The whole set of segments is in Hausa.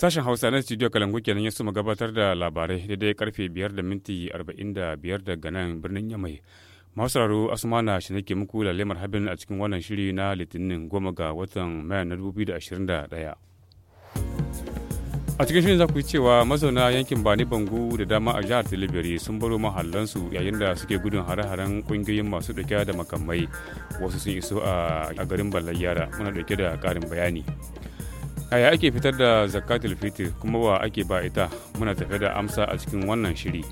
Sashen Hausa na Studio Kalangu kenan ya suma gabatar da labarai daidai karfe 5 da minti 45 daga nan birnin Yamai. Masu raro Asmana shi nake muku da habin a cikin wannan shiri na Litinin goma ga watan Mayan na 2021. A cikin shirin za ku yi cewa mazauna yankin Bani Bangu da dama a jihar Tilibiri sun baro mahallansu yayin da suke gudun hare-haren kungiyoyin masu ɗauke da makamai wasu sun iso a garin Ballayyara muna ɗauke da ƙarin bayani. Yaya ake fitar da zakatul fitr kuma ba ake ba ita muna tafe da amsa a cikin wannan shiri.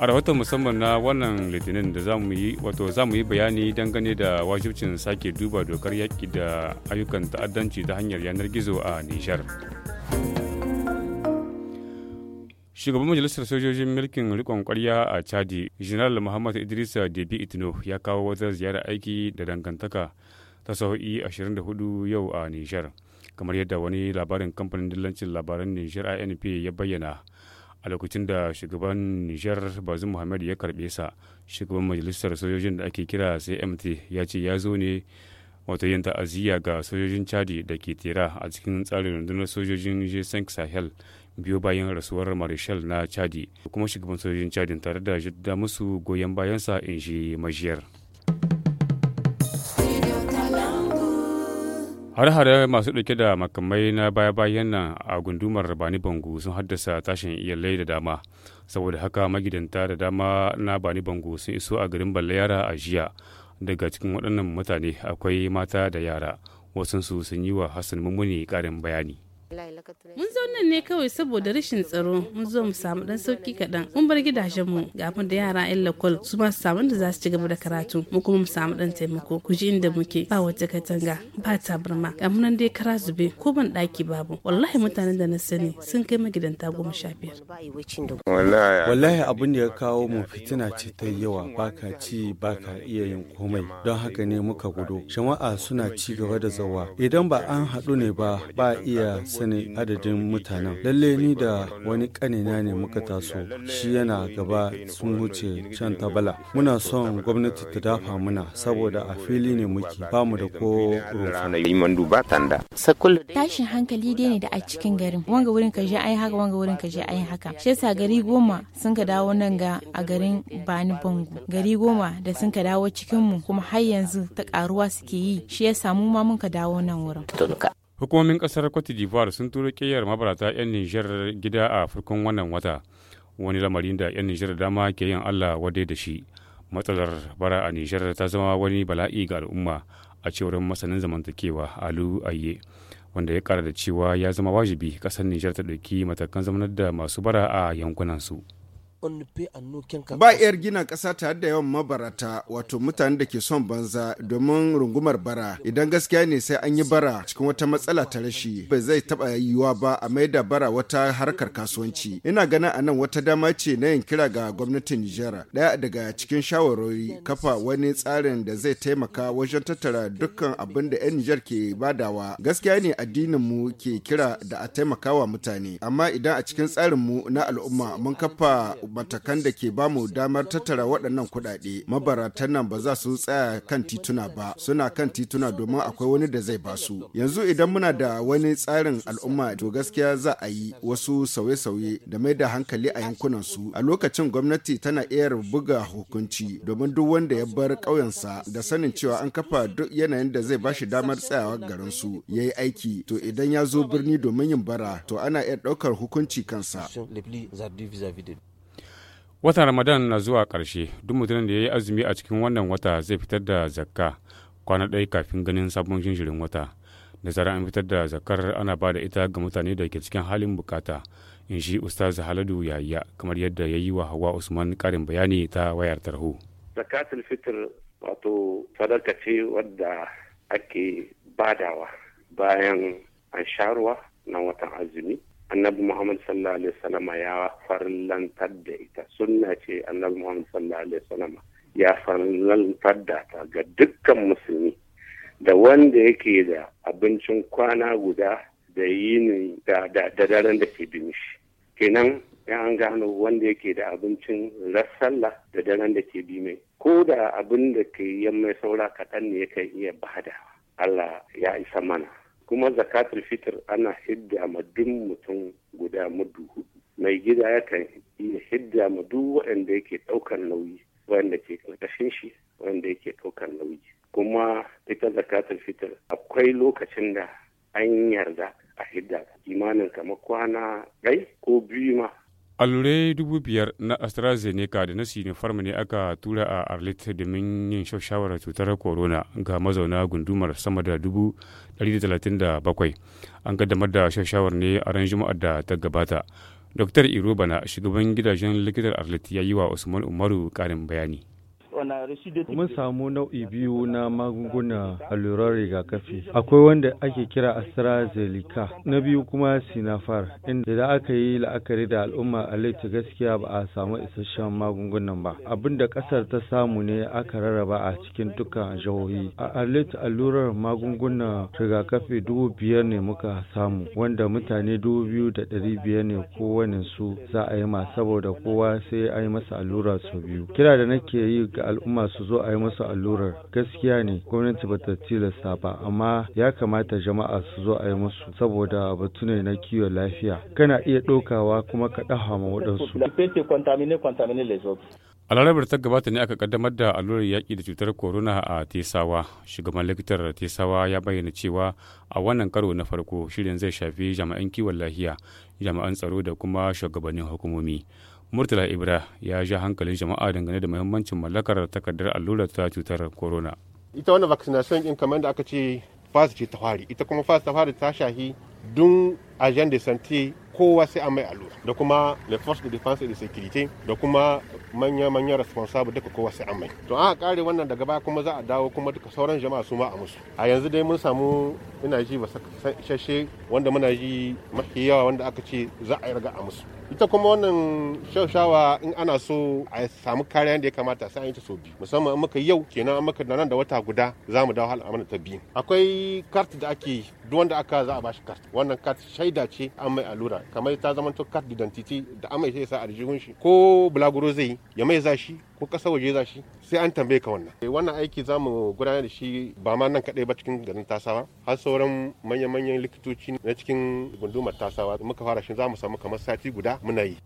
A rahoton musamman na wannan litinin da zamu yi wato zamu yi bayani dangane da wajibcin sake duba dokar yaƙi da ayyukan ta'addanci ta hanyar yanar gizo a Nijar. shugaban majalisar sojojin mulkin rikon kwarya a chadi general muhammad idrisa debi itno ya kawo wata ziyarar aiki da dangantaka ta sau'i 24 yau a nijar kamar yadda wani labarin kamfanin dillancin labaran niger INP ya bayyana a lokacin da shugaban niger bazum muhammad ya karbe sa shugaban majalisar sojojin da ake kira cmt ya ce ya zo ne wato yin ta'aziyya ga sojojin chadi da ke tera a cikin tsarin rundunar sojojin g5 sahel biyo bayan rasuwar marishal na chadi kuma shugaban sojojin chadi tare da jidda musu goyon bayansa in shi majiyar. Har-hare masu ɗauke da makamai na baya-bayan nan a gundumar Bani Bango sun haddasa tashin iyalai da dama. Saboda haka magidanta da dama na Bani Bango sun iso a garin Ballayara a jiya. Daga cikin waɗannan mutane akwai mata da yara. Wasansu sun yi wa Hassan Mummuni ƙarin bayani. mun zo nan ne kawai saboda rashin tsaro mun zo mu samu dan sauki kaɗan mun bar gidajen mu ga da yara yan lakol su ma su samu da za su ci gaba da karatu mu kuma mu samu dan taimako ku ji inda muke ba wata katanga ba tabarma ga nan dai kara zube ko ban ɗaki babu wallahi mutanen da na sani sun kai magidanta goma sha biyar. wallahi abun da ya kawo mu fitina ce ta yawa baka ci baka iya yin komai don haka ne muka gudu jama'a suna ci gaba da zawa idan ba an haɗu ne ba ba iya sanin adadin mutanen lalle ni da wani kanina ne muka taso shi yana gaba sun wuce shan tabala muna son gwamnati ta dafa muna saboda a fili ne muke ba mu da ko tashin hankali dai ne da a cikin garin wanga wurin ka je ayi haka wanga wurin ka je ayi haka shi yasa gari goma sun ka dawo nan ga a garin bani bango gari goma da sun ka dawo cikin mu kuma har yanzu ta karuwa suke yi shi yasa mu ma mun ka dawo nan wurin Hukumomin kasar Cote d'Ivoire sun turo kiyar mabarata 'yan Nijar gida a farkon wannan wata, wani lamarin da 'yan Nijar dama ke yin Allah wadai da shi. Matsalar bara a Nijar ta zama wani bala'i ga al'umma a cewar masanin zamantakewa Alu Aye, wanda ya kara da cewa ya zama wajibi kasar Nijar ta ɗauki matakan zamanar da masu bara a yankunansu. su. ba yar gina ƙasa tare da yawan mabarata wato mutane da ke son banza domin rungumar bara idan gaskiya ne sai an yi bara cikin wata matsala ta rashi bai zai taba yiwuwa ba a mai da bara wata harkar kasuwanci ina ganin a nan wata dama ce na yin kira ga gwamnatin nijar daya daga cikin shawarori kafa wani tsarin da zai taimaka wajen tattara dukkan abin da 'yan nijar ke badawa gaskiya ne addinin mu ke kira da a taimakawa mutane amma idan a cikin tsarin mu na al'umma mun kafa matakan da ke bamu damar tattara waɗannan kuɗaɗe mabaratan nan ba za su tsaya kan tituna ba suna kan tituna domin akwai wani da zai basu yanzu idan muna da wani tsarin al'umma to gaskiya za a yi wasu sauye-sauye da mai da hankali a yankunan su a lokacin gwamnati tana iya buga hukunci domin duk wanda ya bar ƙauyensa da sanin cewa an kafa duk yanayin da zai bashi damar tsayawa garin su ya yi aiki to idan ya zo birni domin yin bara to ana iya ɗaukar hukunci kansa. Watan Ramadan na zuwa ƙarshe, duk mutumin da ya yi azumi a cikin wannan wata zai fitar da zakka kwana ɗaya kafin ganin sabon jinjirin wata. Da zarar an fitar da zakkar ana ba da ita ga mutane da ke cikin halin bukata, in shi Ustaz Haladu Yahaya kamar yadda ya yi wa Hawa Usman ƙarin bayani ta wayar tarho. Zakatul fitr wato sadaka ce wadda ake badawa bayan an sharuwa na watan azumi annabi muhammad sallallahu alaihi wasallama ya farlantar da ita sunna ce annabi muhammad sallallahu alaihi wasallama ya farlantar da ta ga dukkan musulmi da wanda yake da abincin kwana guda da yini da daren da ke bin shi kenan ya an gano wanda yake da abincin rassallah da daren da ke bi mai ko da abin da ke yamma saura kaɗan ne yakan iya bada Allah ya isa mana kuma zakatul fitr ana hidda ma duk mutum guda mudu hudu mai gida yakan iya hidda ma duk waɗanda yake ɗaukar nauyi waɗanda ke ƙarƙashin shi waɗanda yake ɗaukar nauyi kuma ita zakatul fitr akwai lokacin da an yarda a hidda imanin kama kwana ɗai ko biyu ma allurai dubu biyar na astrazeneca da na sinopharm ne aka tura a arlit domin yin shawarar cutar corona ga mazauna gundumar sama da dubu 137 an kaddamar da shawarar ne a ran juma'ar da ta gabata dr iro bana shugaban gidajen likitar arlit ya yi wa usman umaru karin bayani Mun samu nau'i biyu na magunguna allurar rigakafi. Akwai wanda ake kira AstraZeneca, na biyu kuma Sinafar, inda da aka yi la'akari da al'umma a laifin gaskiya ba a samu isasshen magungunan ba. Abin da ƙasar ta samu ne aka rarraba a cikin dukkan jihohi. A Alita allurar magungunan rigakafi dubu biyar ne muka samu, wanda mutane dubu biyu da ɗari biyar ne kowane su za a yi ma saboda kowa sai a yi masa allura sau biyu. Kira da nake yi ga al'umma su zo a yi musu allurar gaskiya ne gwamnati bata tilasta ba amma ya kamata jama'a su zo a yi musu saboda batu ne na kiwon lafiya kana iya ɗaukawa kuma ka ɗaha ma waɗansu a larabar ta gabata ne aka kaddamar da allurar yaƙi da cutar corona a tesawa shugaban likitar tesawa ya bayyana cewa a wannan karo na farko shirin zai shafi jami'an kiwon lafiya jami'an tsaro da kuma shugabannin hukumomi Murtala Ibra ya ja hankalin jama'a dangane da muhimmancin mallakar takardar allurar ta cutar corona. Ita wannan vaccination din kamar da aka ce fast ce ta fari, ita kuma fast ta fari ta shahi dun agent de santé kowa sai an mai allura da kuma le force de défense et de sécurité da kuma manya manya responsable duka kowa sai an mai to an kare wannan daga baya kuma za a dawo kuma duka sauran jama'a su ma a musu a yanzu dai mun samu ina ji ba sashe wanda muna ji mafi yawa wanda aka ce za a yi raga a musu ita kuma wannan Shawa in ana so a samu kariyar da ya kamata sai an yi ta so musamman an maka yau kenan an maka nan da wata guda za mu dawo al'amana ta biyu akwai kart da ake duk wanda aka za a bashi kart wannan kart shaida ce an mai allura kamar ta zama to kart identity da an mai sai sa a shi ko bulaguro zai ya mai zashi shi ko kasa waje za shi sai an tambaye ka wannan eh, wannan aiki za mu gudanar da shi ba ma nan kaɗai ba cikin garin tasawa har sauran manya-manyan likitoci na cikin gundumar tasawa muka fara shi za mu samu kamar sati guda muna yi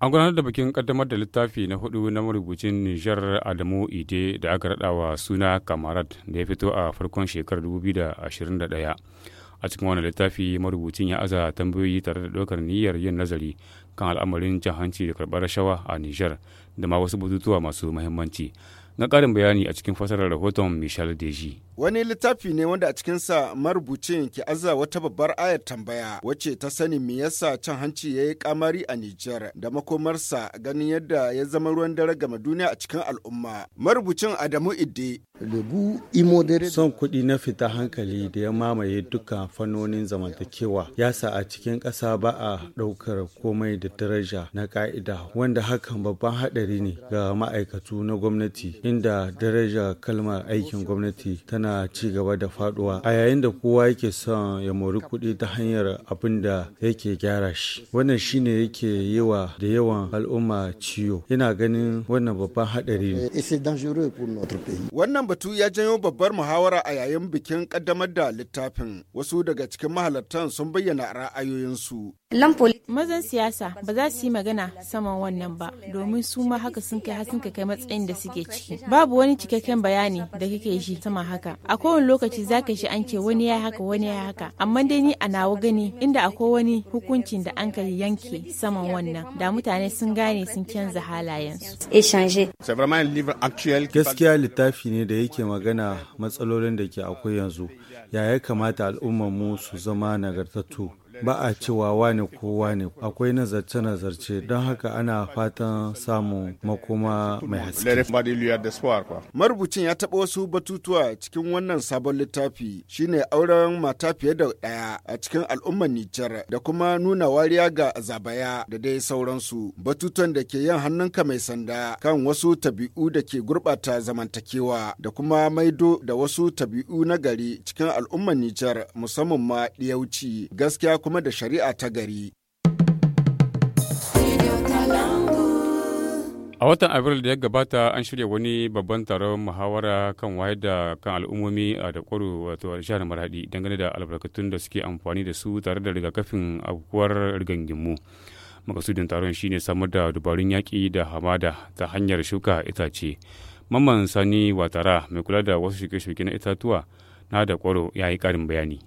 an gudanar da bikin kaddamar da littafi na hudu na marubucin nijar adamu ide da aka raɗawa suna kamarad da ya fito a farkon shekarar 2021 a cikin wani littafi marubucin ya aza tambayoyi tare da ɗaukar niyyar yin nazari kan al'amarin cin hanci da karɓar rashawa a Nijar da ma wasu batutuwa masu muhimmanci. Na ƙarin bayani a cikin fasarar rahoton Michel Deji. wani littafi ne wanda a cikinsa marubucin ke aza wata babbar ayar tambaya wacce ta sani me yasa cin hanci ya yi kamari a Nijar da makomarsa ganin yadda ya zama ruwan dare game duniya a cikin al'umma. Marubucin Adamu Ide. Son kuɗi na fita hankali da ya mamaye duka fannonin zamantakewa ya sa a cikin ƙasa ba a ɗaukar komai da daraja na ka'ida wanda hakan babban haɗari ne ga ma'aikatu na gwamnati inda daraja kalmar aikin gwamnati tana na ci gaba da faduwa a yayin da kowa yake son ya mori kuɗi ta hanyar abin da yake gyara shi wannan shine yake yi wa da yawan al'umma ciwo ina ganin wannan babban haɗari ne wannan batu ya janyo babbar muhawara a yayin bikin kaddamar da littafin wasu daga cikin mahalartan sun bayyana ra'ayoyinsu mazan siyasa ba za su yi magana saman wannan ba domin su ma haka sun kai har kai matsayin da suke ciki babu wani cikakken bayani da kake shi sama haka a kowane lokaci za ka shi an ce wani ya haka wani ya haka amma dai ni a nawa gani inda akwai wani hukuncin da an ka yanke saman wannan da mutane sun gane sun canza halayensu gaskiya littafi ne da yake magana matsalolin da ke akwai yanzu ya ya kamata al'ummar mu su zama nagartattu ba a cewa wane ko wane akwai nazarce-nazarce don haka ana fatan samun makoma mai haske. Marubucin ya taɓa wasu batutuwa cikin wannan sabon littafi shine auren mata fiye da ɗaya a cikin al'ummar Nijar da kuma nuna wariya ga zabaya da dai sauransu batutuwan da ke yin hannunka mai sanda kan wasu tabi'u da ke gurɓata zamantakewa da kuma maido da wasu tabi'u na gari cikin al'ummar Nijar musamman ma ɗiyauci gaskiya kuma da shari'a ta gari. A watan Abril da ya gabata an shirya wani babban taron muhawara kan wayar da kan al'ummomi a da kwaro wato jihar Maradi dangane da albarkatun da suke amfani da su tare da rigakafin abubuwar rigangimu. Makasudin taron shine samar da dubarun yaƙi da hamada ta hanyar shuka itace. Mamman Sani Watara mai kula da wasu shuke-shuke na itatuwa na da kwaro ya yi ƙarin bayani.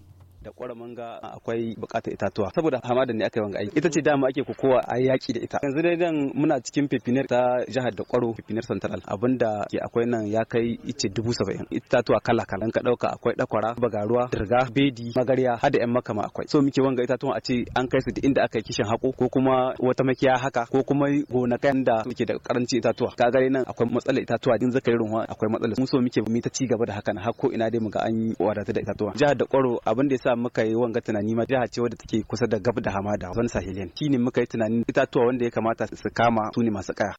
da ga. akwai bukatar itatuwa saboda hamadan ne aka yi wanga aiki ita ce dama ake kowa a yaƙi da ita yanzu dai nan muna cikin fifinar ta jihar da kwaro fifinar central abinda ke akwai nan ya kai ice dubu saba'in itatuwa kala kala ka ɗauka akwai dakwara. bagaruwa dirga bedi magarya har da yan makama akwai so muke wanga itatuwa a ce an kai su da inda aka yi kishin haƙo ko kuma wata makiya haka ko kuma gonakai da muke da karanci itatuwa ka gare nan akwai matsalar itatuwa din zakarin ruwa akwai matsalar mu so muke mu ta ci gaba da haka ko ina dai muga an wadata da itatuwa jihar da kwaro abinda yasa Allah muka yi wanga tunani ma jiha ce wadda take kusa da gab da hamada wani sahilin shine muka yi tunanin itatuwa wanda ya kamata su kama su ne masu kaya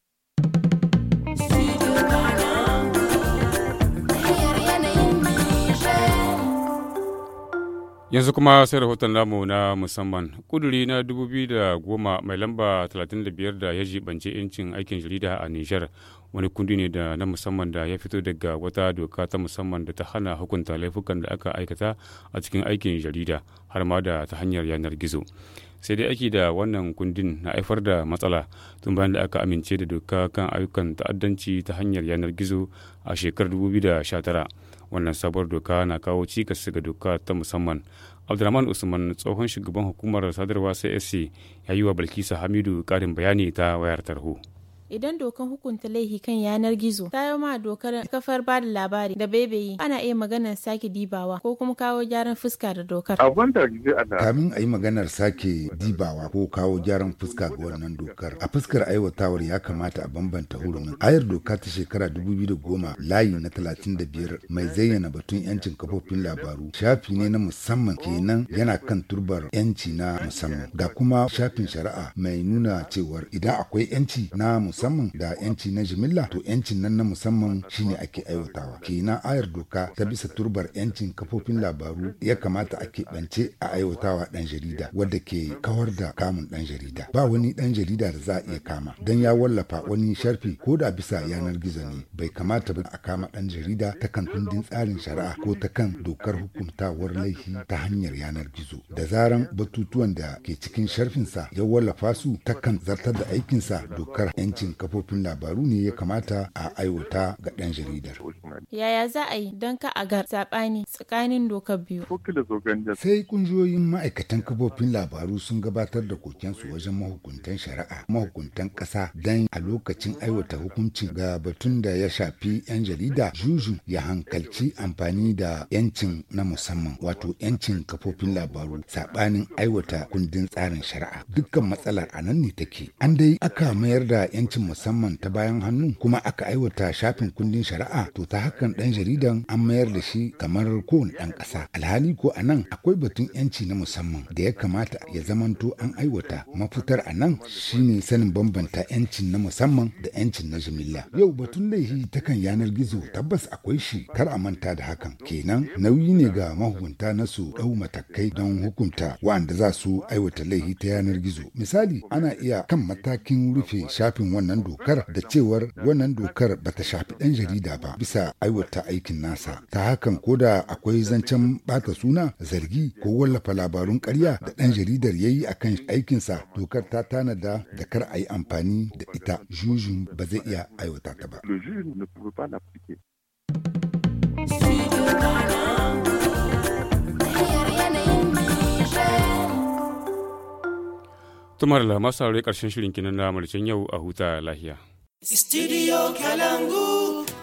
yanzu kuma sai rahoton namu na musamman kuduri na 2010 mai lamba 35 da ya jibance 'yancin aikin jarida a nijar wani kundi ne da na musamman da ya fito daga wata doka ta musamman da ta hana hukunta laifukan da aka aikata a cikin aikin jarida har ma da ta hanyar yanar gizo sai dai aiki da wannan kundin na haifar da matsala tun bayan da aka amince da doka kan ayyukan ta'addanci ta hanyar yanar gizo a shekarar 2019 wannan sabuwar doka na kawo cikas ga doka ta musamman abdulrahman usman tsohon shugaban hukumar sadarwa csc ya yi wa balkisa hamidu karin bayani ta wayar tarho. Idan dokan hukunta laifi kan yanar gizo ta yi ma dokar kafar ba da labari da bebeyi ana iya maganar sake dibawa ko kuma kawo gyaran fuska da dokar. Kamin a yi maganar sake dibawa ko kawo gyaran fuska ga wannan dokar a fuskar aiwatawar ya kamata a bambanta hurumin. Ayar doka ta shekara da goma layi na talatin da biyar mai zayyana batun yancin kafofin labaru shafi ne na musamman kenan yana kan turbar yanci na musamman ga kuma shafin shari'a mai nuna cewar idan akwai yanci na musamman musamman da yanci na jimilla to yancin nan na musamman shine ake aiwatawa kenan ayar doka ta bisa turbar yancin kafofin labaru ya kamata a keɓance a aiwatawa ɗan jarida wadda ke kawar da kamun ɗan jarida ba wani ɗan jarida da za a iya kama Dan ya wallafa wani sharfi ko da bisa yanar gizo ne bai kamata ba a kama ɗan jarida ta kan kundin tsarin shari'a ko ta kan dokar hukuntawar laifi ta hanyar yanar gizo da zaran batutuwan da ke cikin sharfinsa ya wallafa su ta kan zartar da aikinsa dokar 'yanci ingancin kafofin labaru ne ya kamata a aiwata ga ɗan jaridar. Yaya za a yi don ka a ga saɓani tsakanin dokar biyu? Sai ƙungiyoyin ma'aikatan kafofin labaru sun gabatar da kokensu wajen mahukuntan shari'a, mahukuntan ƙasa don a lokacin aiwata hukuncin ga batun da ya shafi 'yan jarida juju ya hankalci amfani da 'yancin na musamman wato 'yancin kafofin labaru sabanin aiwata kundin tsarin shari'a. Dukkan matsalar a nan ne take. An dai aka mayar da 'yancin hukuncin musamman ta bayan hannu kuma aka aiwata shafin kundin shari'a to ta hakan ɗan jaridan an mayar da shi kamar kowane ɗan kasa Alhali ko a nan akwai batun 'yanci na musamman da ya kamata ya zamanto an aiwata mafitar a nan shine sanin bambanta 'yancin na musamman da 'yancin na jimilla. Yau batun laifi ta kan yanar gizo tabbas akwai shi kar a manta da hakan. Kenan nauyi ne ga mahukunta na su dau matakai don hukunta wa'anda za su aiwata laifi ta yanar gizo. Misali ana iya kan matakin rufe shafin wani wannan dokar da cewar wannan dokar ba ta shafi ɗan jarida ba bisa aiwata aikin nasa. Ta hakan ko da akwai zancen bata suna zargi ko wallafa labarun ƙarya da ɗan jaridar ya yi a kan aikinsa dokar ta tanada da kar a yi amfani da ita jujin ba zai iya aiwata ta ba. tumar la masu ƙarshen shirin kinan na yau a huta lahiya. Studio Kalangu.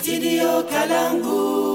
studio kalangu